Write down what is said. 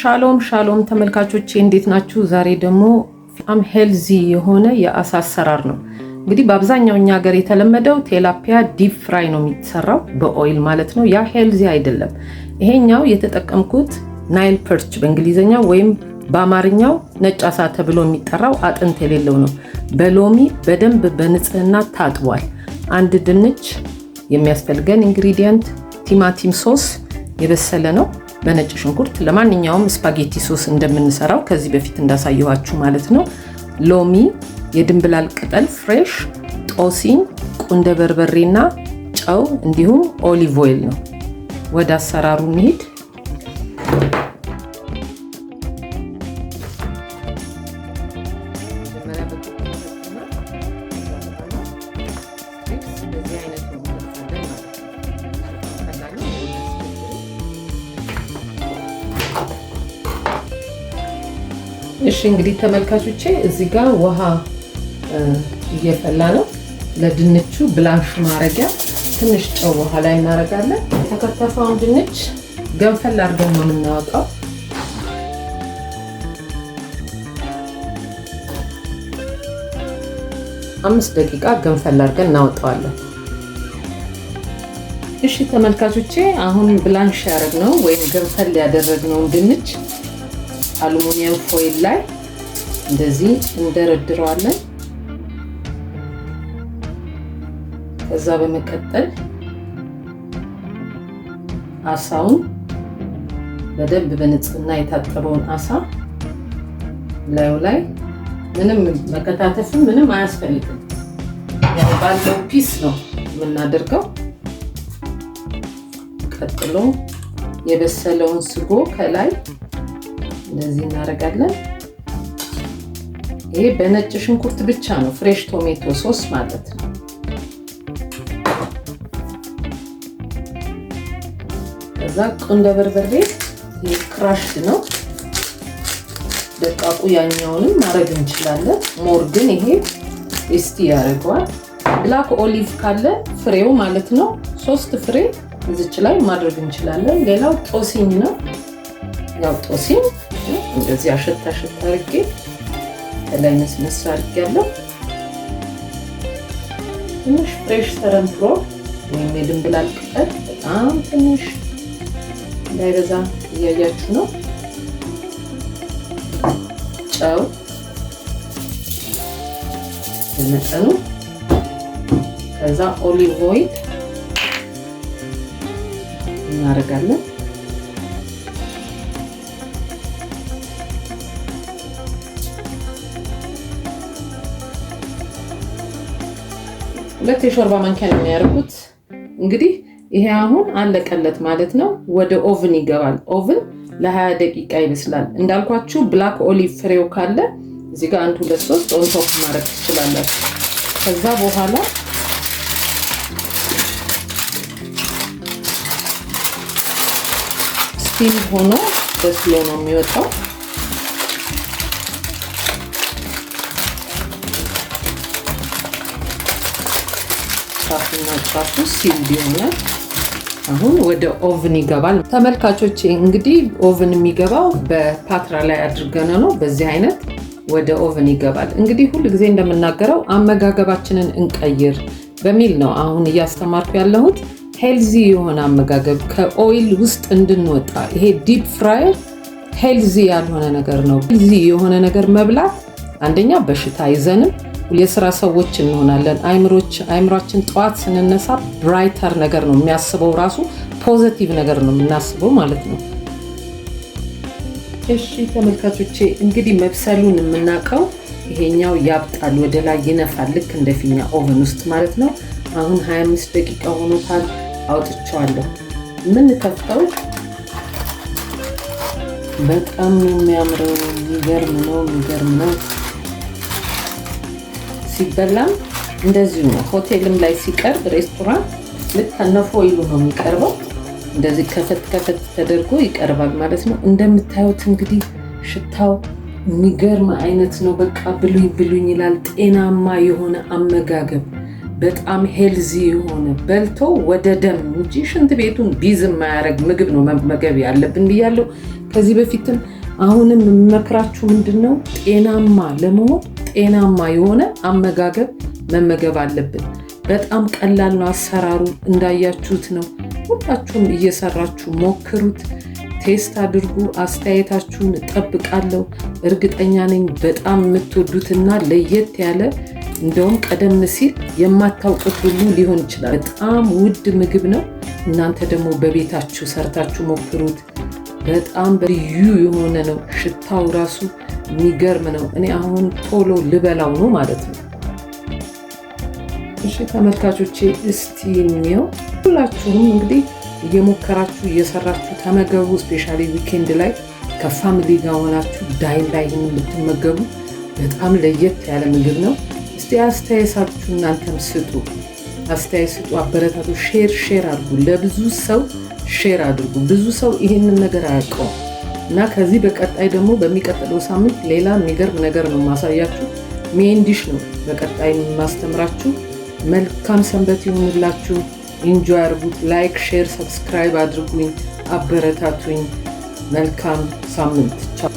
ሻሎም ሻሎም ተመልካቾቼ እንዴት ናችሁ? ዛሬ ደግሞ በጣም ሄልዚ የሆነ የአሳ አሰራር ነው። እንግዲህ በአብዛኛው እኛ ሀገር የተለመደው ቴላፒያ ዲፕ ፍራይ ነው የሚሰራው በኦይል ማለት ነው። ያ ሄልዚ አይደለም። ይሄኛው የተጠቀምኩት ናይል ፐርች በእንግሊዝኛው ወይም በአማርኛው ነጭ አሳ ተብሎ የሚጠራው አጥንት የሌለው ነው። በሎሚ በደንብ በንጽህና ታጥቧል። አንድ ድንች የሚያስፈልገን ኢንግሪዲየንት ቲማቲም ሶስ የበሰለ ነው በነጭ ሽንኩርት ለማንኛውም ስፓጌቲ ሶስ እንደምንሰራው ከዚህ በፊት እንዳሳየኋችሁ ማለት ነው። ሎሚ፣ የድንብላል ቅጠል ፍሬሽ፣ ጦሲኝ፣ ቁንደ በርበሬና ጨው እንዲሁም ኦሊቭ ኦይል ነው። ወደ አሰራሩ እንሂድ። እሺ እንግዲህ ተመልካቾቼ እዚህ ጋር ውሃ እየፈላ ነው። ለድንቹ ብላንሽ ማረጊያ ትንሽ ጨው ውሃ ላይ እናደርጋለን። የተከተፈውን ድንች ገንፈል አድርገን ነው የምናወጣው። አምስት ደቂቃ ገንፈል አድርገን እናወጣዋለን። እሺ ተመልካቾቼ አሁን ብላንሽ ያደረግነው ወይም ገንፈል ያደረግነውን ድንች አሉሚኒየም ፎይል ላይ እንደዚህ እንደረድረዋለን። ከዛ በመቀጠል አሳውን በደንብ በንጽህና የታጠበውን አሳ ላዩ ላይ ምንም መከታተፍም ምንም አያስፈልግም። ባለው ፒስ ነው የምናደርገው። ቀጥሎ የበሰለውን ስጎ ከላይ እንደዚህ እናደርጋለን። ይሄ በነጭ ሽንኩርት ብቻ ነው፣ ፍሬሽ ቶሜቶ ሶስ ማለት ነው። ከዛ ቁንደ በርበሬ ክራሽድ ነው። ደቃቁ ያኛውንም ማድረግ እንችላለን። ሞር ግን ይሄ ቴስቲ ያደርገዋል። ብላክ ኦሊቭ ካለ ፍሬው ማለት ነው። ሶስት ፍሬ እዚች ላይ ማድረግ እንችላለን። ሌላው ጦሲኝ ነው። ያው ጦሲኝ እንደዚህ አሸታ አሸት አርጌ ከላይ መስመስ ያለው ትንሽ ፍሬሽ ተረንትሮ ወይም የድንብላል ቅጠል በጣም ትንሽ እንዳይበዛ እያያችሁ ነው። ጨው በመጠኑ፣ ከዛ ኦሊቭ ኦይል እናደርጋለን። ሁለት የሾርባ ማንኪያ ነው የሚያደርጉት። እንግዲህ ይሄ አሁን አለቀለት ማለት ነው። ወደ ኦቭን ይገባል። ኦቭን ለ20 ደቂቃ ይመስላል። እንዳልኳችሁ ብላክ ኦሊቭ ፍሬው ካለ እዚህ ጋር አንድ ሁለት ሶስት ኦንቶፕ ማድረግ ትችላላችሁ። ከዛ በኋላ ስቲም ሆኖ በስሎ ነው የሚወጣው። እናጥፋቱ ሲል ቢሆነ አሁን ወደ ኦቭን ይገባል። ተመልካቾች እንግዲህ ኦቭን የሚገባው በፓትራ ላይ አድርገን ነው። በዚህ አይነት ወደ ኦቭን ይገባል። እንግዲህ ሁል ጊዜ እንደምናገረው አመጋገባችንን እንቀይር በሚል ነው አሁን እያስተማርኩ ያለሁት። ሄልዚ የሆነ አመጋገብ ከኦይል ውስጥ እንድንወጣ። ይሄ ዲፕ ፍራየር ሄልዚ ያልሆነ ነገር ነው። ሄልዚ የሆነ ነገር መብላት አንደኛ በሽታ አይዘንም የስራ ሰዎች እንሆናለን። አይምሮች አይምሯችን ጠዋት ስንነሳ ብራይተር ነገር ነው የሚያስበው፣ ራሱ ፖዘቲቭ ነገር ነው የምናስበው ማለት ነው። እሺ ተመልካቾቼ እንግዲህ መብሰሉን የምናውቀው ይሄኛው ያብጣል፣ ወደ ላይ ይነፋል፣ ልክ እንደ ፊኛ ኦቨን ውስጥ ማለት ነው። አሁን 25 ደቂቃ ሆኖታል፣ አውጥቼዋለሁ። የምንከፍተው በጣም ነው የሚያምረው። የሚገርም ነው፣ የሚገርም ነው። ሲበላም እንደዚሁ ነው። ሆቴልም ላይ ሲቀርብ ሬስቶራንት ልክ ይሉ ነው የሚቀርበው። እንደዚህ ከፈት ከፈት ተደርጎ ይቀርባል ማለት ነው። እንደምታዩት እንግዲህ ሽታው የሚገርም አይነት ነው። በቃ ብሉኝ ብሉኝ ይላል። ጤናማ የሆነ አመጋገብ በጣም ሄልዚ የሆነ በልቶ ወደ ደም እንጂ ሽንት ቤቱን ቢዝ የማያደርግ ምግብ ነው መመገብ ያለብን ብያለሁ ከዚህ በፊትም አሁንም የምመክራችሁ ምንድን ነው ጤናማ ለመሆን ጤናማ የሆነ አመጋገብ መመገብ አለብን። በጣም ቀላል ነው አሰራሩ፣ እንዳያችሁት ነው። ሁላችሁም እየሰራችሁ ሞክሩት፣ ቴስት አድርጉ። አስተያየታችሁን እጠብቃለሁ። እርግጠኛ ነኝ በጣም የምትወዱትና ለየት ያለ እንደውም ቀደም ሲል የማታውቁት ሁሉ ሊሆን ይችላል። በጣም ውድ ምግብ ነው። እናንተ ደግሞ በቤታችሁ ሰርታችሁ ሞክሩት። በጣም በልዩ የሆነ ነው። ሽታው ራሱ የሚገርም ነው። እኔ አሁን ቶሎ ልበላው ነው ማለት ነው። እሺ ተመልካቾቼ እስቲ እንየው። ሁላችሁም እንግዲህ እየሞከራችሁ እየሰራችሁ ተመገቡ። ስፔሻሊ ዊኬንድ ላይ ከፋሚሊ ጋር ሆናችሁ ዳይን ላይ የምትመገቡ በጣም ለየት ያለ ምግብ ነው። እስቲ አስተያየታችሁ እናንተም ስጡ። አስተያየት ስጡ፣ አበረታቱ፣ ሼር ሼር አድርጉ ለብዙ ሰው ሼር አድርጉ። ብዙ ሰው ይህንን ነገር አያውቀውም እና ከዚህ በቀጣይ ደግሞ በሚቀጥለው ሳምንት ሌላ የሚገርም ነገር ነው ማሳያችሁ። ሜንዲሽ ነው በቀጣይ ማስተምራችሁ። መልካም ሰንበት ይሁንላችሁ። ኢንጆይ አድርጉት። ላይክ፣ ሼር፣ ሰብስክራይብ አድርጉኝ፣ አበረታቱኝ። መልካም ሳምንት።